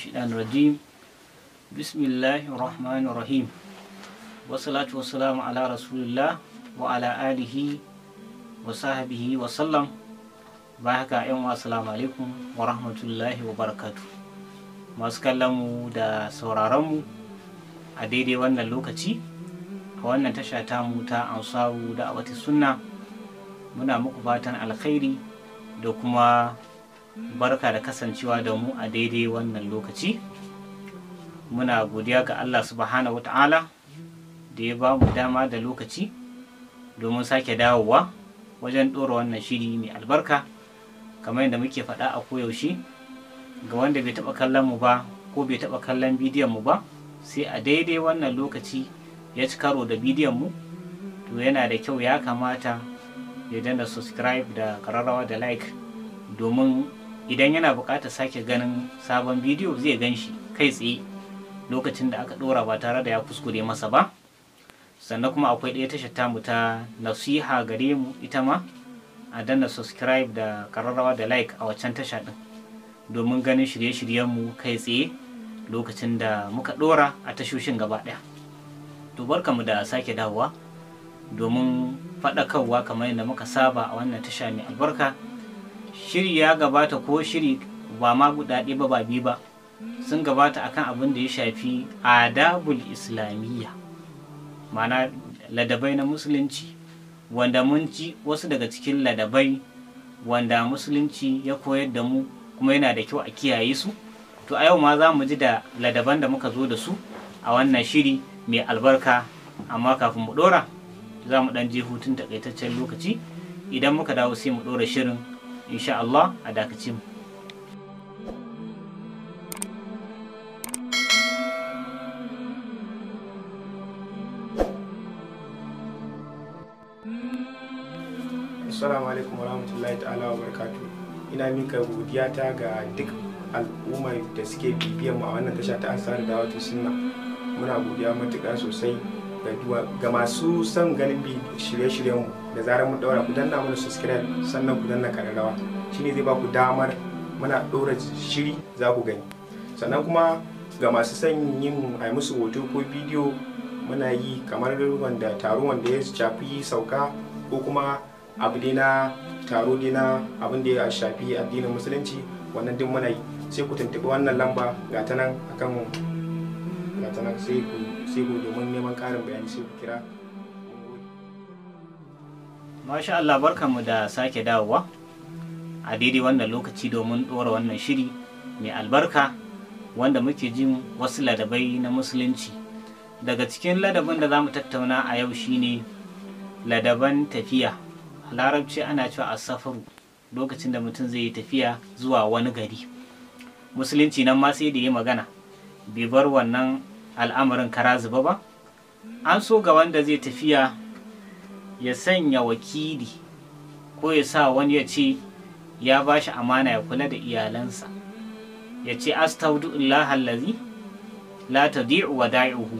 الشيطان الرجيم بسم الله الرحمن الرحيم والصلاة والسلام على رسول الله وعلى آله وصحبه وسلم بحكا يوم السلام عليكم ورحمة الله وبركاته masu kallonmu da sauraronmu a daidai wannan lokaci a wannan tasha tamu ta ansaru da a wata sunna muna muku fatan alkhairi da kuma barka da kasancewa da mu a daidai wannan lokaci muna godiya ga allah subhanahu wata'ala da ya ba mu dama da lokaci domin sake dawowa wajen ɗora wannan shiri mai albarka kamar yadda muke faɗa a koyaushe ga wanda bai taɓa kallon mu ba ko bai taɓa kallon bidiyon mu ba sai a daidai wannan lokaci ya ci karo da bidiyon mu to yana da kyau ya kamata ya dana subscribe da kararrawa da like domin idan yana buƙatar sake ganin sabon bidiyo zai gan shi kai tsaye lokacin da aka ɗora ba tare da ya kuskure masa ba sannan kuma akwai ɗaya tashar tamu ta nasiha gare mu ita ma a danna subscribe da kararrawa da like a waccan tasha ɗin domin ganin shirye-shiryenmu kai tsaye lokacin da muka ɗora a tashoshin gaba ɗaya to mu da sake dawowa domin faɗakarwa kamar yadda muka saba a wannan tasha mai albarka shiri ya gabata ko shiri ba ma guda ɗaya ba ba biyu ba sun gabata akan abin da ya shafi adabul islamiyya mana ladabai na musulunci wanda mun ci wasu daga cikin ladabai wanda musulunci ya koyar da mu kuma yana da kyau a kiyaye su to a yau ma za mu ji da ladaban da muka zo da su a wannan shiri mai albarka amma kafin mu dora za mu dan je hutun takaitaccen lokaci idan muka dawo sai mu dora shirin insha Allah a dakacin Assalamu alaikum warahmatullahi ta'ala wa ina mika godiya ta ga duk al'ummar da suke bibiyan mu a wannan tasha ta asar da wato sunna muna godiya matuƙa sosai ga masu son ganin bi shirye-shiryenmu da zarar mun daura ku danna mana subscribe sannan ku danna kararrawa shine zai ba ku damar muna ɗora shiri za ku gani sannan kuma ga masu son yin a musu hoto ko bidiyo muna yi kamar wanda taro wanda ya shafi sauka ko kuma abu dai na taro dai na abin da ya shafi addinin musulunci wannan duk muna yi sai ku tuntuɓi wannan lamba ga ta nan akan ga ta nan sai ku sai ku domin neman ƙarin bayani sai ku kira Masha Allah barkanmu da sake dawowa a daidai wannan lokaci domin ɗora wannan shiri mai albarka wanda muke jin wasu ladabai na musulunci daga cikin ladabin da za mu tattauna a yau shine ladaban tafiya larabci ana cewa safaru lokacin da mutum zai yi tafiya zuwa wani gari musulunci nan ma sai da yi magana bai bar wannan al'amarin kara zuba ba an so ga wanda zai tafiya ya sanya wakili ko ya sa wani ya ce ya ba shi amana ya kula da iyalansa ya ce astaudu Allah allazi la tadi'u wa da'ihu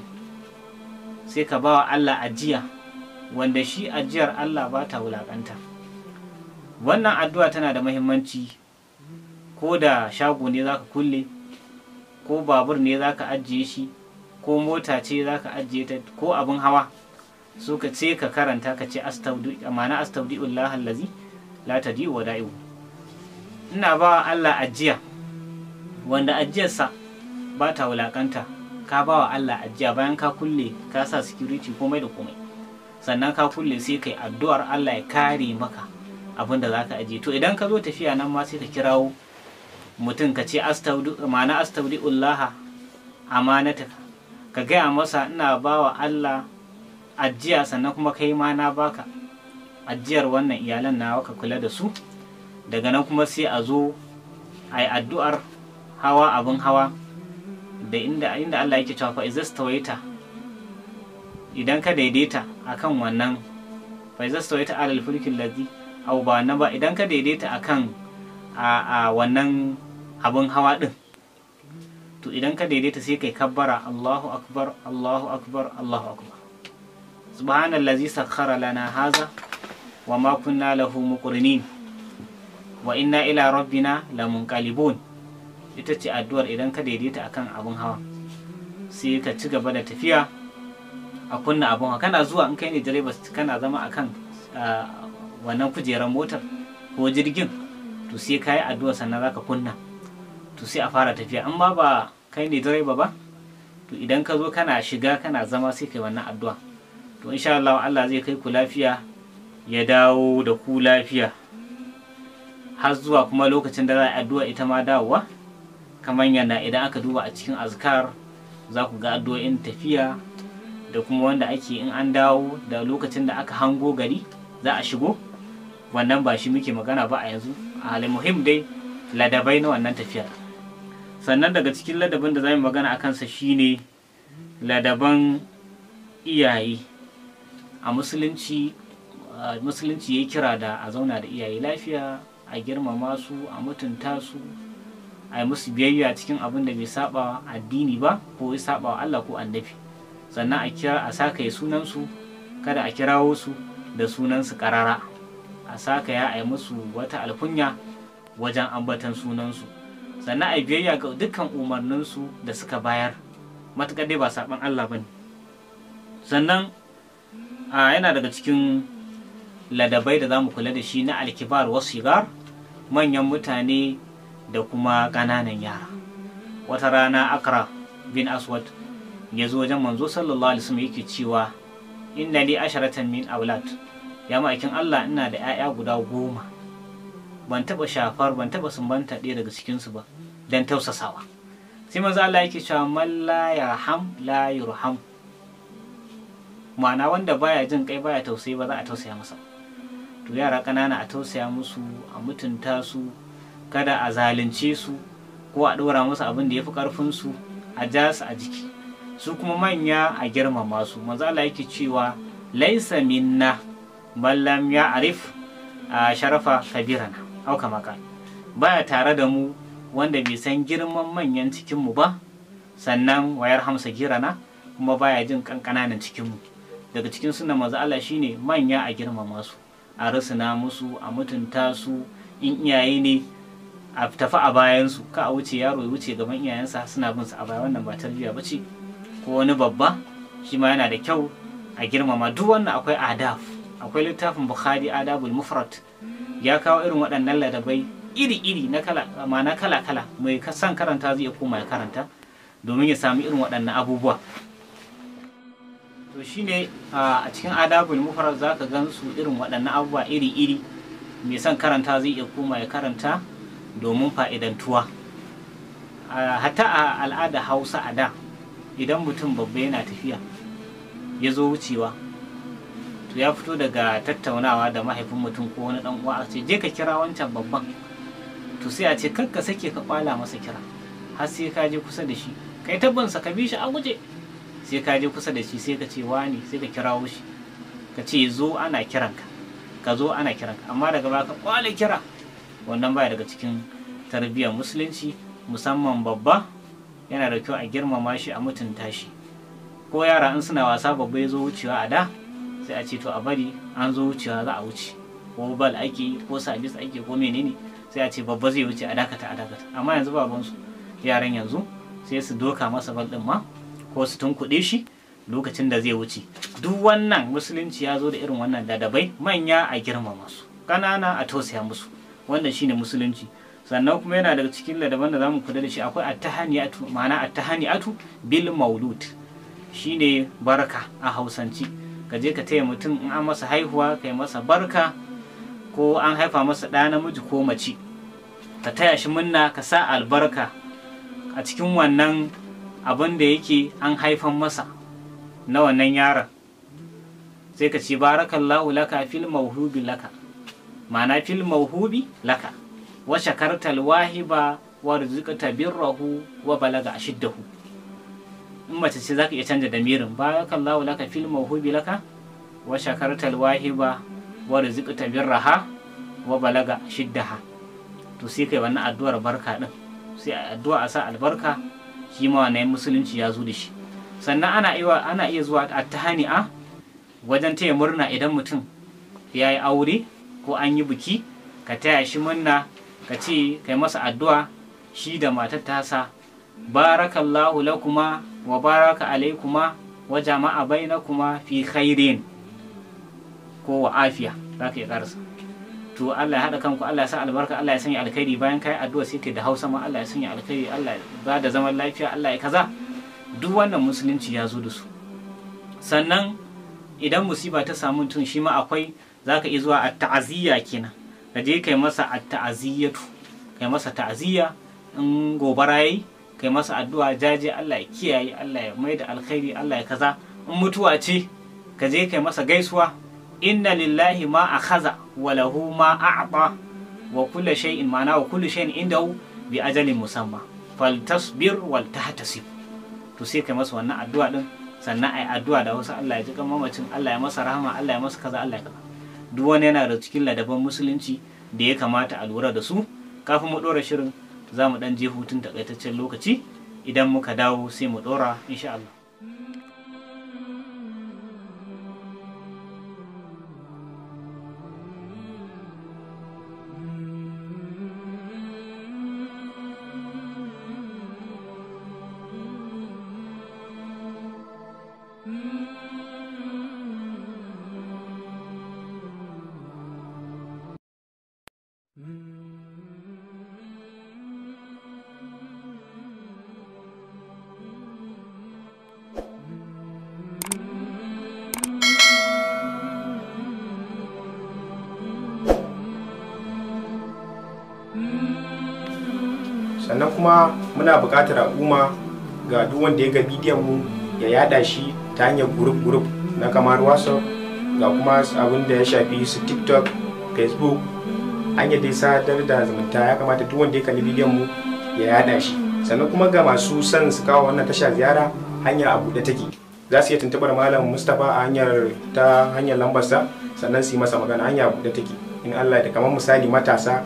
sai ka ba wa Allah ajiya wanda shi ajiyar Allah ba ta wulakanta wannan addu'a tana da mahimmanci ko da shago ne za ka kulle ko babur ne za ka ajiye shi ko mota ce za ka ajiye ta ko abin hawa so ka ce ka karanta ka ce ma'ana astaudi'ullah allazi la tadi wa da'ibu ina ba Allah ajiya wanda ajiyarsa ba ta wulakanta ka ba wa Allah ajiya bayan ka kulle ka sa security komai da komai sannan ka kulle sai ka yi addu'ar Allah ya kare maka abin da za ka ajiye to idan ka zo tafiya nan ma sai ka kirawo mutum ka ce ma'ana astaudi'ullaha amanataka ka gaya masa ina ba wa Allah ajiya sannan kuma kai ma na baka ajiyar wannan iyalan nawa ka kula da su daga nan kuma sai a zo a yi addu'ar hawa abin hawa da inda inda Allah yake cewa fa izastawaita idan ka daidaita akan wannan fa izastawaita alal fulkin ba na ba idan ka daidaita akan a wannan abin hawa ɗin. to idan ka daidaita sai kai kabbara Allahu akbar Allahu akbar Allahu akbar subhanallazi sakhara lana haza wa ma kunna lahu muqrinin wa inna ila rabbina lamunqalibun ita ce addu'ar idan ka daidaita akan abun hawa sai ka ci gaba da tafiya a kunna abun hawa kana zuwa in kai ne direba kana zama akan wannan kujerar motar ko jirgin to sai ka yi addu'a sannan za ka kunna to sai a fara tafiya amma ba kai ne direba ba to idan ka zo kana shiga kana zama sai kai wannan addu'a to insha Allah Allah zai kai ku lafiya ya dawo da ku lafiya har zuwa kuma lokacin da za a addu'a ita ma dawowa kamar yana idan aka duba a cikin azkar za ku ga addu'o'in tafiya da kuma wanda ake in an dawo da lokacin da aka hango gari za a shigo wannan ba shi muke magana ba a yanzu a halin muhim dai ladabai na wannan tafiyar sannan daga cikin ladabin da za mu magana a kansa shine ladaban iyaye a musulunci musulunci ya kira da a zauna da iyaye lafiya a girmama su a mutunta su a yi musu biyayya cikin abin da bai saba addini ba ko ya saba wa Allah ko annabi sannan a kira a saka ya sunan su kada a kirawo su da sunan su karara a saka ya a yi musu wata alkunya wajen ambatan sunan su sannan a biyayya ga dukkan umarninsu da suka bayar matuƙar dai ba saɓan Allah ba ne sannan a yana daga cikin ladabai da za mu kula da shi na alkibar wasu shigar manyan mutane da kuma ƙananan yara wata rana akra bin aswad ya zo wajen manzo sallallahu alaihi wasallam yake cewa inna li asharatan min aulad ya ma'aikin Allah ina da 'ya'ya guda goma ban taba shafar ban taba sumbanta ɗaya daga cikin su ba dan tausasawa sai maza Allah yake cewa man la yarham la yurham ma'ana wanda baya jin kai baya tausayi ba za a tausaya masa to yara ƙanana a tausaya musu a mutunta su kada a zalunce su ko a ɗora musu abin da ya fi ƙarfin su a ja su a jiki su kuma manya a girmama su manzo Allah yake cewa laisa minna ballam ya arif a sharafa kabirana auka maka baya tare da mu wanda bai san girman manyan cikinmu ba sannan wayar hamsa girana kuma baya jin kankananan cikinmu daga cikin suna maza Allah shine manya a girmama su a rusuna musu a mutunta su in iyaye ne a tafi a bayansu ka a wuce yaro ya wuce gaban iyayensa suna bin su a baya wannan ba tarbiyya bace ko wani babba shi ma yana da kyau a girmama duk wannan akwai adab akwai littafin bukhari adabul mufrad ya kawo irin waɗannan ladabai iri-iri na kala ma'ana kala-kala mai san karanta zai iya koma ya karanta domin ya sami irin waɗannan abubuwa to shine a cikin adabul mufarar za ka gan su irin waɗannan abubuwa iri-iri mai son karanta zai iya koma ya karanta domin fa'idantuwa hatta a al'ada hausa a da idan mutum babba yana tafiya ya zo wucewa to ya fito daga tattaunawa da mahaifin mutum ko wani dan uwa a ce je ka kira wancan babban to sai a ce kar ka sake ka kwala masa kira har sai ka je kusa da shi kai tabbansa ka bi shi a guje sai ka je kusa da shi sai ka ce wani sai ka kira shi ka ce zo ana kiranka ka zo ana kiranka amma daga baya ka kwale kira wannan baya daga cikin tarbiyyar musulunci musamman babba yana da kyau a girmama shi a mutunta shi ko yara in suna wasa babba ya zo wucewa a da sai a ce to a bari an zo wucewa za a wuce ko bal ake ko sabis ake ko menene sai a ce babba zai wuce a dakata a dakata amma yanzu baban su yaran yanzu sai su doka masa bal din ma ko su tunkuɗe shi lokacin da zai wuce duk wannan musulunci ya zo da irin wannan dadabai manya a girmama su ƙanana a tausaya musu wannan shine musulunci sannan kuma yana daga cikin ladaban da zamu kula da shi akwai attahaniatu ma'ana attahaniatu bil maulud shine baraka a hausanci. ka je ka taya mutum in an masa haihuwa ka yi masa barka ko an haifa masa ɗa namiji ko mace ka taya shi munna ka sa albarka a cikin wannan abin da yake an haifan masa na wannan yaron sai ka ce Lahu laka fil mauhubi laka ma'ana fil mauhubi laka wa shakartal wahiba wa rizqata birrahu wa balaga ashiddahu in mace ce za ka iya canja damirin Kalla Allahu laka fil mawhubi laka wa shakartal wahiba wa tabin birraha wa balaga shiddaha to sai kai wannan addu'ar barka din sai addu'a a sa albarka shi ma wannan musulunci ya zo da shi sannan ana iya ana iya zuwa a a wajen taya murna idan mutum ya yi aure ko an yi biki ka taya shi murna ka ce kai masa addu'a shi da matar tasa barakallahu lakuma wa baraka alaikuma wa jama'a bainakuma fi khairin ko wa afiya za ka yi karsa to Allah ya haɗa kanku Allah ya sa albarka Allah ya sanya alkhairi bayan kai addu'a sai kai da Hausa ma Allah ya sanya alkhairi Allah ba da zaman lafiya Allah ya kaza duk wannan musulunci ya zo da su sannan idan musiba ta samu tun shi ma akwai zaka iya zuwa a ta'aziyya kenan ka je kai masa at ta'aziyyatu kai masa ta'aziyya in gobara yayi kai masa addu'a jaje Allah ya kiyaye Allah ya maida alkhairi Allah ya kaza in mutuwa ce ka je kai masa gaisuwa inna lillahi ma akhaza wa lahu ma a'ta wa kullu shay'in ma'ana wa kullu shay'in inda bi ajalin musamma faltasbir wal tahtasib to sai kai masa wannan addu'a din sannan ai addu'a da wasu Allah ya ji mamacin Allah ya masa rahama Allah ya masa kaza Allah ya kaza duk wani yana da cikin ladaban musulunci da ya kamata a lura da su kafin mu dora shirin za mu ɗan je hutun takaitaccen lokaci idan muka dawo sai mu ɗora insha Allah sannan kuma muna buƙatar al'umma ga duk wanda ya ga bidiyon mu ya yada shi ta hanyar gurup gurup na kamar wasu ga kuma abin da ya shafi su tiktok facebook hanyar dai sadar da zumunta ya kamata duk wanda ya kalli bidiyon mu ya yada shi sannan kuma ga masu son su kawo wannan tasha ziyara hanya a buɗe take za su iya tuntubar malam mustapha a hanyar ta hanyar lambarsa sannan su yi masa magana hanya a buɗe take in allah da kamar misali matasa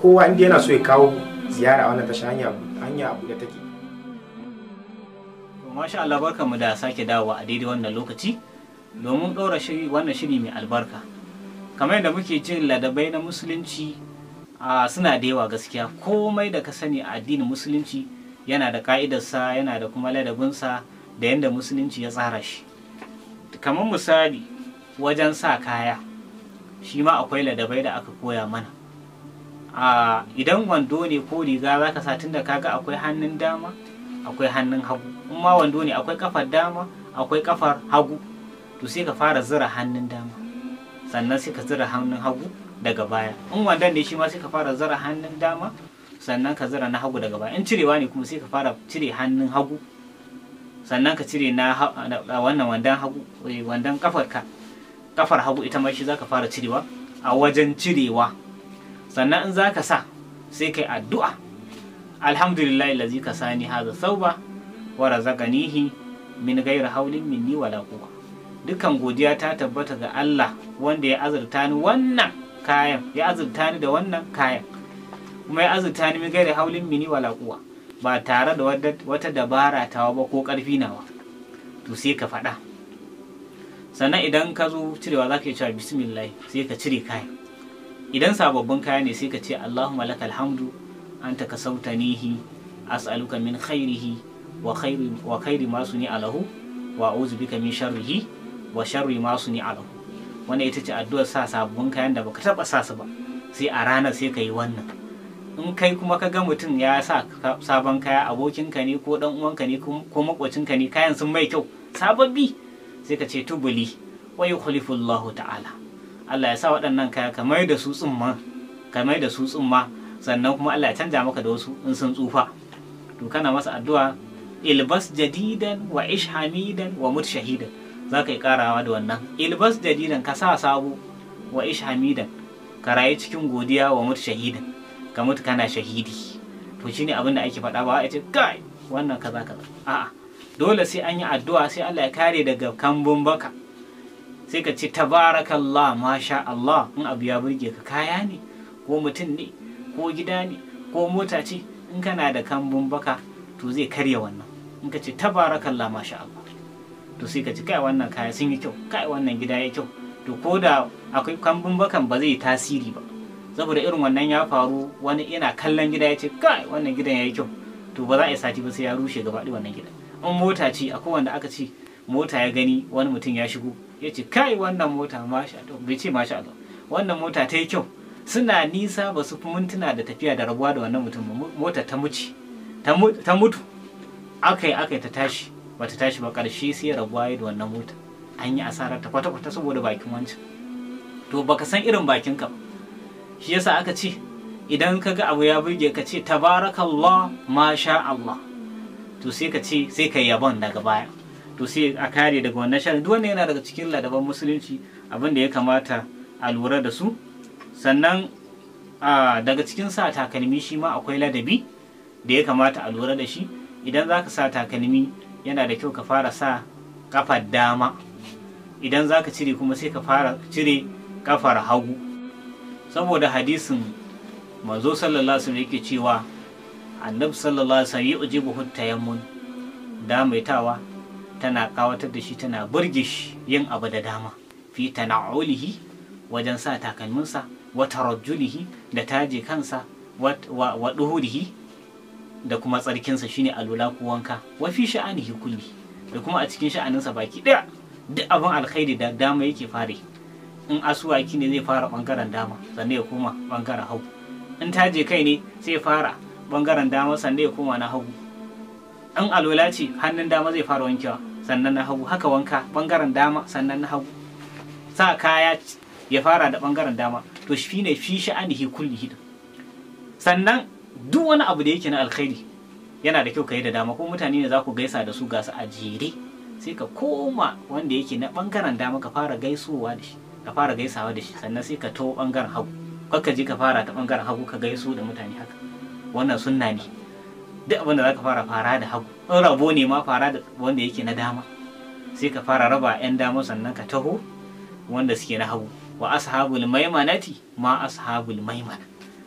kowa inda yana so ya kawo ziyara a wannan tasha hanya abu da take masha Allah barka mu da sake dawo a daidai wannan lokaci domin ɗora shiri wannan shiri mai albarka kamar yadda muke jin ladabai na musulunci suna da yawa gaskiya komai da ka sani a addinin musulunci yana da ka'idarsa yana da kuma ladabinsa da yadda musulunci ya tsara shi kamar misali wajen sa kaya shi ma akwai ladabai da aka koya mana a idan wando ne ko riga za ka sa tunda kaga akwai hannun dama akwai hannun hagu in ma wando ne akwai kafar dama akwai kafar hagu to sai ka fara zira hannun dama sannan sai ka zira hannun hagu daga baya in wandon ne shi ma sai ka fara zira hannun dama sannan ka zira na hagu daga baya in cirewa ne kuma sai ka fara cire hannun hagu sannan ka cire na wannan wandan hagu eh, wandan ka. kafar hagu ita ma shi zaka fara cirewa a wajen cirewa sannan in zaka sa sai kai addu'a alhamdulillah allazi ka sani haza sauba wa razaqanihi min ghairi haulin minni wala quwwa dukan godiya ta tabbata ga Allah wanda ya azurta ni wannan kayan ya azurta ni da wannan kayan kuma ya azurta ni min ghairi haulin minni wala quwwa ba tare da wata dabara tawa ba ko karfi nawa to sai ka faɗa sannan idan ka zo cirewa za ka yi cewa bismillah sai ka cire kayan idan sababbin kaya ne sai ka ce allahumma lakal hamdu anta ka a as'aluka min khairihi wa khairi masu ni alahu wa a'udhu bika min sharrihi wa sharri masu ni alahu wannan ita ce addu'ar sa sababbin kayan da baka taba sa su ba sai a rana sai ka yi wannan in kai kuma ka ga mutum ya sa sabon kaya abokinka ne ko dan uwanka ne ko makocinka ne kayan sun mai kyau sababbi sai ka ce tubuli wa yukhlifu Allahu ta'ala Allah ya sa waɗannan kaya kamar da su tsumma kamar da su tsumma sannan kuma Allah ya canja maka da wasu in sun tsufa to kana masa addu'a ilbas jadidan wa ish hamidan wa mut shahidan za ka yi karawa da wannan ilbas jadidan ka sa sabo wa ish hamidan ka rayu cikin godiya wa mut shahidan ka mutu kana shahidi to shine abin da ake faɗa ba a ce kai wannan kaza kaza a'a dole sai an yi addu'a sai Allah ya kare daga kambun baka sai ka ce tabarakallah masha Allah in abu ya burge ka kaya ne ko mutum ne ko gida ne ko mota ce in kana da kambun baka to zai karya wannan in ka ce tabarakallah masha Allah to sai ka ci kai wannan kaya sun yi kyau kai wannan gida ya kyau to ko da akwai kambun bakan ba zai tasiri ba saboda irin wannan ya faru wani yana kallon gida ya ce kai wannan gidan ya yi kyau to ba za a yi sati ba sai ya rushe gaba wannan gidan in mota ce akwai wanda aka ce mota ya gani wani mutum ya shigo ya ce kai wannan mota masha Allah bai ce masha Allah wannan mota ta yi kyau suna nisa ba su mintuna da tafiya da rabuwa da wannan mutum mota ta muci ta mutu aka yi ta tashi ba ta tashi ba karshe sai rabuwa ya da wannan mota an yi asarar ta kwata-kwata saboda bakin wancan to baka san irin bakin ka shi yasa aka ce idan ka ga abu ya burge ka ce tabarakallah masha Allah to sai ka ce sai ka yabon daga baya to sai a kare daga wannan shari'a duk wanda yana daga cikin ladaban musulunci abin da ya kamata a lura da su sannan daga cikin sa takalmi shi ma akwai ladabi da ya kamata a lura da shi idan za ka sa takalmi yana da kyau ka fara sa kafar dama idan za ka cire kuma sai ka fara cire kafar hagu saboda hadisin manzo sallallahu alaihi wasallam yake cewa annabi sallallahu alaihi wasallam ya ujibu hutayammun damaitawa tana kawatar da shi tana burge shi yin abu da dama fi tana'ulihi wajen sa takalminsa wa tarajjulihi da taje kansa wa duhurihi da kuma tsarkinsa shine alula ko wanka wa fi sha'anihi kulli da kuma a cikin sha'aninsa baki daya duk abin alkhairi da dama yake fare in asuwaki ne zai fara bangaren dama sannan ya koma bangaren hau in taje kai ne sai fara bangaren dama sannan ya koma na hagu in alwala ce hannun dama zai fara wankewa sannan na hagu haka wanka bangaren dama sannan na hagu sa kaya ya fara da bangaren dama to shi ne fi kulli kullihi sannan duk wani abu da yake na alkhairi yana da kyau ka yi da dama ko mutane ne za ku gaisa da su gasa a jere sai ka koma wanda yake na bangaren dama ka fara gaisowa da shi ka fara gaisawa da shi sannan sai ka to bangaren hagu kakka je ka fara ta bangaren hagu ka gaiso da mutane haka wannan sunna ne duk abin da za ka fara fara da hagu in rabo ne ma fara da wanda yake na dama sai ka fara raba 'yan dama sannan ka taho wanda suke na hagu wa ashabul maimanati ma ashabul maimana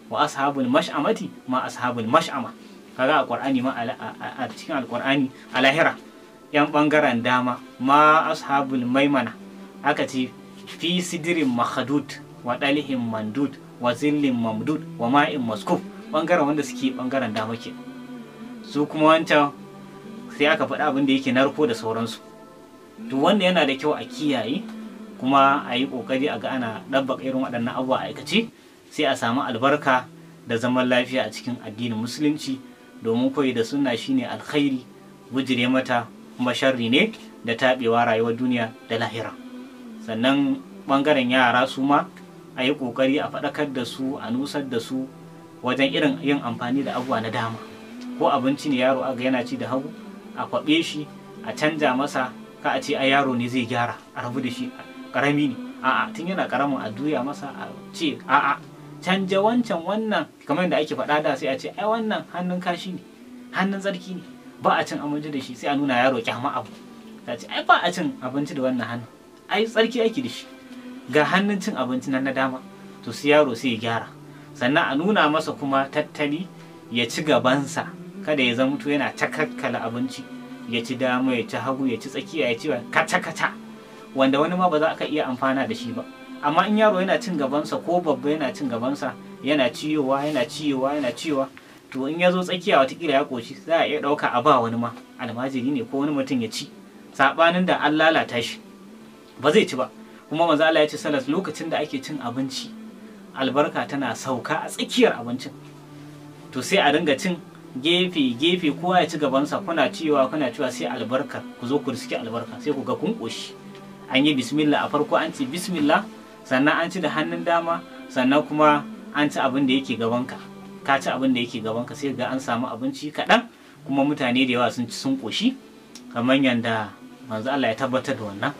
wa ashabul mash'amati ma ashabul mash'ama kaga a qur'ani ma a cikin alqur'ani a lahira yan bangaren dama ma ashabul maimana aka ce fi sidirin mahadud wa dalihin mandud wa zillin mamdud wa ma'in maskuf bangaren wanda suke bangaren dama ke su kuma wancan sai aka faɗa abin da yake narko da sauransu to wanda yana da kyau a kiyaye kuma a yi ƙoƙari a ga ana ɗabba irin waɗannan abubuwa a aikace sai a samu albarka da zaman lafiya a cikin addinin musulunci domin koyi da sunna shine alkhairi bujire mata kuma sharri ne da taɓewa rayuwar duniya da lahira sannan ɓangaren yara su ma a yi ƙoƙari a faɗakar da su a nusar da su wajen irin yin amfani da abuwa na dama ko abinci ne yaro aga yana ci da hagu a kwaɓe shi a canja masa ka a ce a yaro ne zai gyara a rabu da shi karami ne a'a tun yana karamin a duya masa a ce a'a canja wancan wannan kamar yadda ake faɗa da sai a ce ai wannan hannun kashi ne hannun tsarki ne ba a cin abinci da shi sai a nuna yaro kyama abu ta ce ai ba a cin abinci da wannan hannun ai tsarki ake da shi ga hannun cin abinci nan na dama to su yaro sai ya gyara sannan a nuna masa kuma tattali ya ci gabansa kada ya zama zamto yana ta kakkala abinci ya ci dama ya ci hagu ya ci tsakiya ya ci kaca-kaca wanda wani ma ba za ka iya amfana da shi ba amma in yaro yana cin gabansa ko babba yana cin gabansa yana ciyowa yana ciyowa yana ciyowa to in ya zo tsakiya watakila ya koshi za a iya ɗauka a ba wani ma almajiri ne ko wani mutum ya ci saɓanin da an lalata shi ba zai ci ba kuma maza Allah ya ce salas lokacin da ake cin abinci albarka tana sauka a tsakiyar abincin to sai a dinga cin gefe gefe kowa ya ci gabansa kuna cewa kuna cewa sai albarka ku zo ku riski albarka sai ku ga kun koshi an yi bismillah a farko an ci bismillah sannan an ci da hannun dama sannan kuma an ci abin da yake gabanka ka ci abin da yake gabanka sai ga an samu abinci kaɗan kuma mutane da yawa sun ci sun koshi kamar yadda manzo Allah ya tabbatar da wannan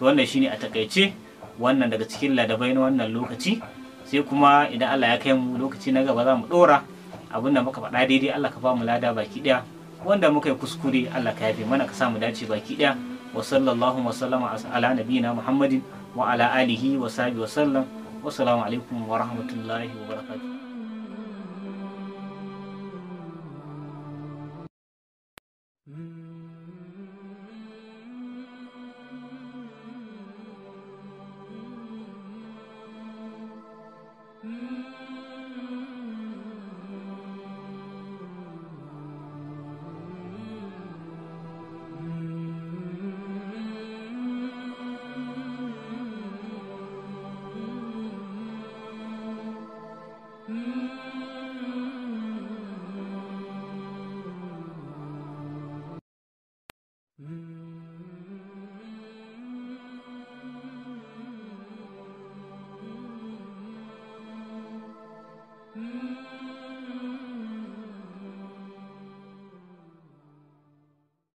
to wannan shine a takaice wannan daga cikin ladabai na wannan lokaci sai kuma idan Allah ya kai mu lokaci na gaba za mu dora abin da muka faɗa daidai Allah ka ba mu lada baki ɗaya wanda muka yi kuskure Allah ka yafe mana ka sa mu dace baki ɗaya wa sallallahu wa sallama ala nabiyina Muhammadin wa ala alihi wa sahbihi wa sallam wa alaikum wa rahmatullahi wa barakatuh